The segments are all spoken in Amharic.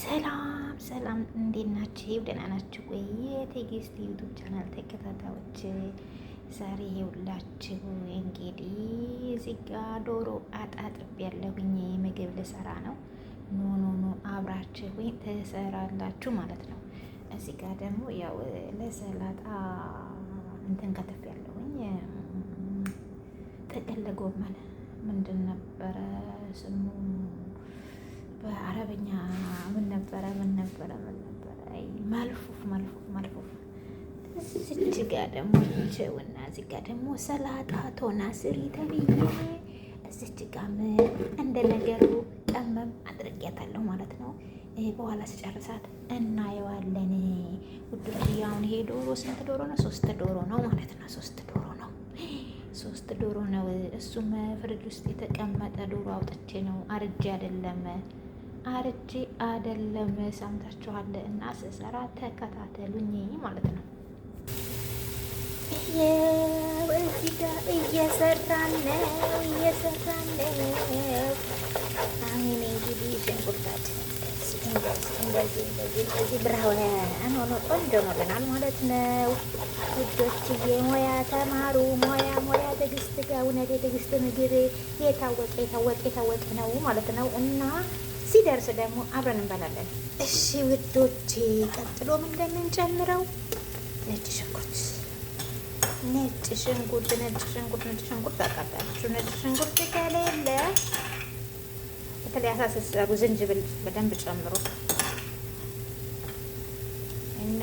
ሰላም ሰላም፣ እንዴት ናችሁ? ደህና ናችሁ ወይ? የትዕግስት ዩቱብ ቻናል ተከታታዮች ዛሬ የሁላችሁ እንግዲህ እዚህ ጋ ዶሮ አጣጥብ ያለሁኝ ምግብ ልሰራ ነው። ኖ ኖ ኖ አብራችሁ ትሰራላችሁ ማለት ነው። እዚህ ጋ ደግሞ ያው ለሰላጣ እንትን ከተፍ ያለሁኝ ጥቅል ጎመን ምንድን ነበረ ስሙ በአረበኛ ምን ነበረ ምን ነበረ ምን ነበረ? ማልፉፍ ማልፉፍ ማልፉፍ። እዚህ ጋ ደግሞ ችውና እዚህ ጋ ደግሞ ሰላጣ ቶናስሪ ተብዬ እዚች ጋም እንደ ነገሩ ቀመም አድርጌያታለሁ ማለት ነው። በኋላ ስጨርሳት እናየዋለን። ውዶች አሁን ይሄ ዶሮ ስንት ዶሮ ነው? ሶስት ዶሮ ነው ማለት ነው። ሶስት ዶሮ ነው፣ ሶስት ዶሮ ነው። እሱም ፍርድ ውስጥ የተቀመጠ ዶሮ አውጥቼ ነው አርጄ አይደለም አርጄ አደለም ሰምታችኋል። እና ስሰራ ተከታተሉኝ ማለት ነው። እየሰራን ነው እየሰራን ነው። አሁን እንግዲህ ሽንኩርታችን እንደዚህ እንደዚህ እንደዚህ ብርሃን ሆኖ ቆንጆ ሆነናል ማለት ነው። ውዶችዬ ሞያ ተማሩ። ሞያ ሞያ ትዕግስት ጋር እውነት የትዕግስት ምግብ የታወቀ የታወቀ የታወቀ ነው ማለት ነው እና ሲደርስ ደግሞ አብረን እንበላለን። እሺ ውዶቼ፣ ቀጥሎም እንደምንጨምረው ነጭ ሽንኩርት ነጭ ሽንኩርት ነጭ ሽንኩርት ነጭ ሽንኩርት አቃጣችሁ። ነጭ ሽንኩርት ከሌለ በተለይ አሳ ዝንጅብል በደንብ ጨምሩ እና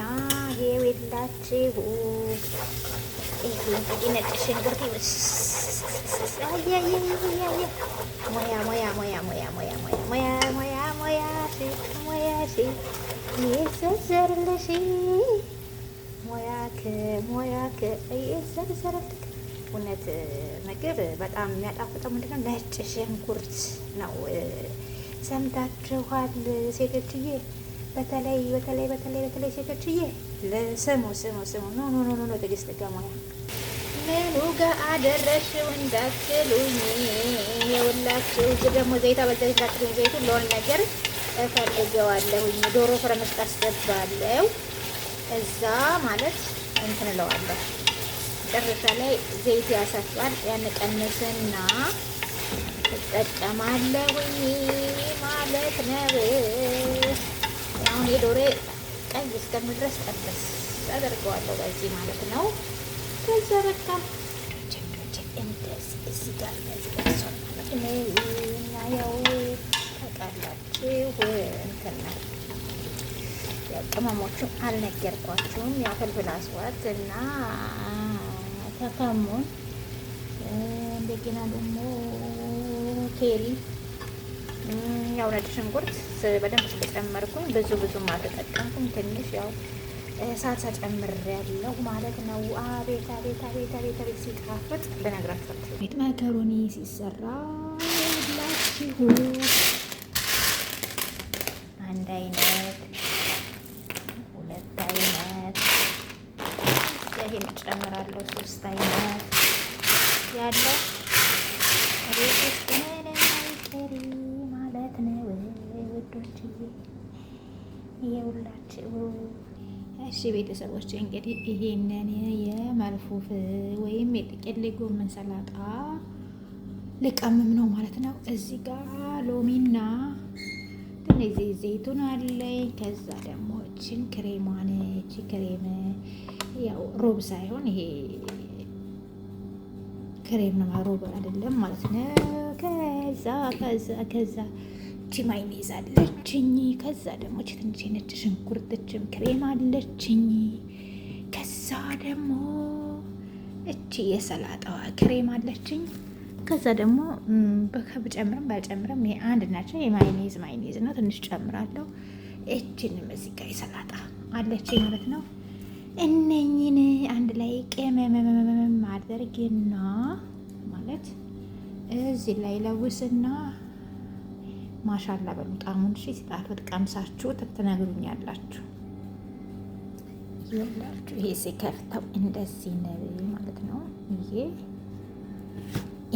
የላችሁ እንግዲህ ነጭ ሽንኩርት ሞያ ሞያ ሞያ ሞያ ሞያ ሞያ ሞያ ሞያ ሞያ ይዘርዘርልሽ ሞያክ ሞያክ ይዘርዘርልክ። እውነት ምግብ በጣም የሚያጣፍጠው ምንድነው? ነጭ ሽንኩርት ነው። ሰምታችኋል ሴቶችዬ በተለይ በተለይ በተለይ በተለይ ሴቶችዬ ስሙ ስሙ ስሙ ኖ ኖ ኖ ኖ ትዕግስት ገሞያ ምኑ ጋ አደረሽው እንዳትሉኝ የውላችሁ ደግሞ ዘይታ በዘይታችሁ ዘይቱ ለሆነ ነገር እፈልገዋለሁኝ ዶሮ ፍረን ውስጥ እዛ ማለት እንትን እለዋለሁ። መጨረሻ ላይ ዘይት ያሳቷል። ያን ቀንስና እጠቀማለሁኝ ማለት ነው። አሁን የዶሬ ቀይ እስከምድረስ ጠበስ አደርገዋለሁ በዚህ ማለት ነው። ከዛ በቃ እንደዚ እዚህ ጋር ከዚህ ማለት ነው። እና ያው ታውቃላችሁ እንትን ነው ቅመሞቹን አልነገርኳችሁም። ያው አስዋት እና ተከሙን እንደገና ደግሞ ኬሪ ያው ነጭ ሽንኩርት በደንብ ስለጨመርኩኝ ብዙ ብዙም አልተጠቀምኩም። ትንሽ ያው ሳልሳ ጨምሬያለሁ ማለት ነው። አቤት አቤት አቤት አቤት አቤት ሲጣፍጥ ልነግራችሁ ቤት መከሮኒ ሲሰራ ሁላችሁ አንድ አይነት ሁለት አይነት ይሄን ጨምራለሁ ሶስት አይነት ያለው ይሄውላችሁ። እሺ ቤተሰቦች እንግዲህ ይሄንን የመርፉፍ ወይም የጥቅል ጎመን ሰላጣ ልቀምም ነው ማለት ነው። እዚህ ጋር ሎሚና ትንሽ ዘይቱን አለኝ። ከዛ ደግሞ እችን ክሬም ነች። ክሬም ያው ሮብ ሳይሆን ይሄ ክሬም ነው ሮብ አይደለም ማለት ነው። ከዛ ከዛ ከዛ እቺ ማይኔዝ አለችኝ። ከዛ ደግሞ እቺ ትንሽ የነጭ ሽንኩርትችም ክሬም አለችኝ። ከዛ ደግሞ እቺ የሰላጣዋ ክሬም አለችኝ። ከዛ ደግሞ ብጨምርም ባልጨምርም አንድ ናቸው። የማይኔዝ ማይኔዝ ነው። ትንሽ ጨምራለሁ። እችን መዚጋ የሰላጣ አለችኝ ማለት ነው። እነኝን አንድ ላይ ቅመመመመመም አድርጌና ማለት እዚህ ላይ ለውስና ማሻላ በሉ። ጣሙን ሺ ሲጣፍጥ ቀምሳችሁ ትነግሩኛላችሁ። ይላችሁ ይሄ ሲከፍተው እንደዚህ ነው ማለት ነው። ይሄ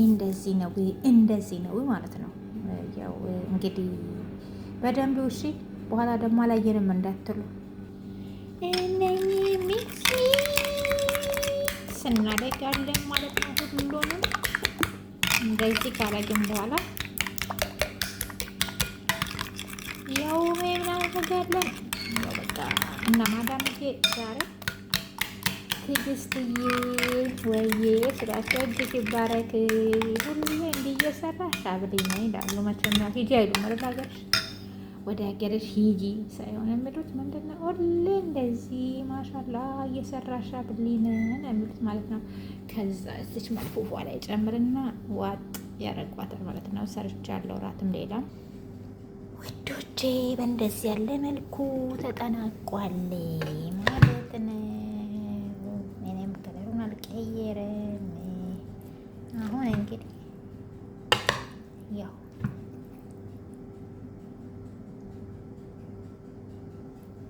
እንደዚህ ነው፣ እንደዚህ ነው ማለት ነው። ያው እንግዲህ በደንብ እሺ። በኋላ ደግሞ አላየንም እንዳትሉ እነኚህ ሚክስ ስናደርጋለን ማለት ነው። ሁሉንም እንደዚህ ካላየን በኋላ ያው ምናምን ፈጋለን ያው በቃ እና ማዳምቴ ዛሬ ትዕግስትዬ ወዬ ስራቸው እጅግ ይባረክ። ሁሉ እንዲየሰራ ሳብሪ ነው ይላሉ። መቸኛ ሂጂ አይሉ መረጋገርሽ ወደ ሀገርሽ ሂጂ ሳይሆን የሚሉት ምንድን ነው? ሁሌ እንደዚህ ማሻላ እየሰራሽ አብሊ የሚሉት ማለት ነው። ከዛ እዚች መልፎፏ ላይ ጨምርና ዋጥ ያረጓታል ማለት ነው። ሰርቻለሁ እራትም ሌላም ውዶቼ በእንደዚህ ያለ መልኩ ተጠናቋል ማለት ነው። እኔም ከለሩን አልቀየርም። አሁን እንግዲህ ያው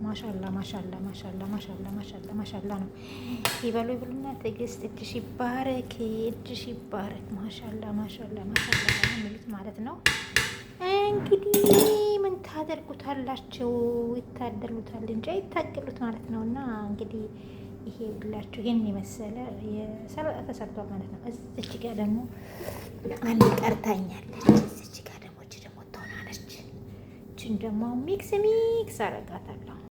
ማሻላ ማሻላ ማሻላ ማሻላ ማሻላ ማሻላ ነው። ይበሉ ይብሉና፣ ትዕግስት እጅሽ ይባረክ፣ እጅሽ ይባረክ። ማሻላ ማሻላ ማሻላ ነው የሚሉት ማለት ነው። እንግዲህ ምን ታደርጉታላችሁ? ይታደሉታል እንጂ ይታቅሉት ማለት ነው። እና እንግዲህ ይሄ ብላችሁ ይህን የመሰለ ሰላጣ ተሰርቷል ማለት ነው። እዚች ጋ ደግሞ አንድ ቀርታኛለች። እዚች ጋ ደግሞ ደግሞ ትሆናለች። እችን ደግሞ ሚክስ ሚክስ አረጋታለሁ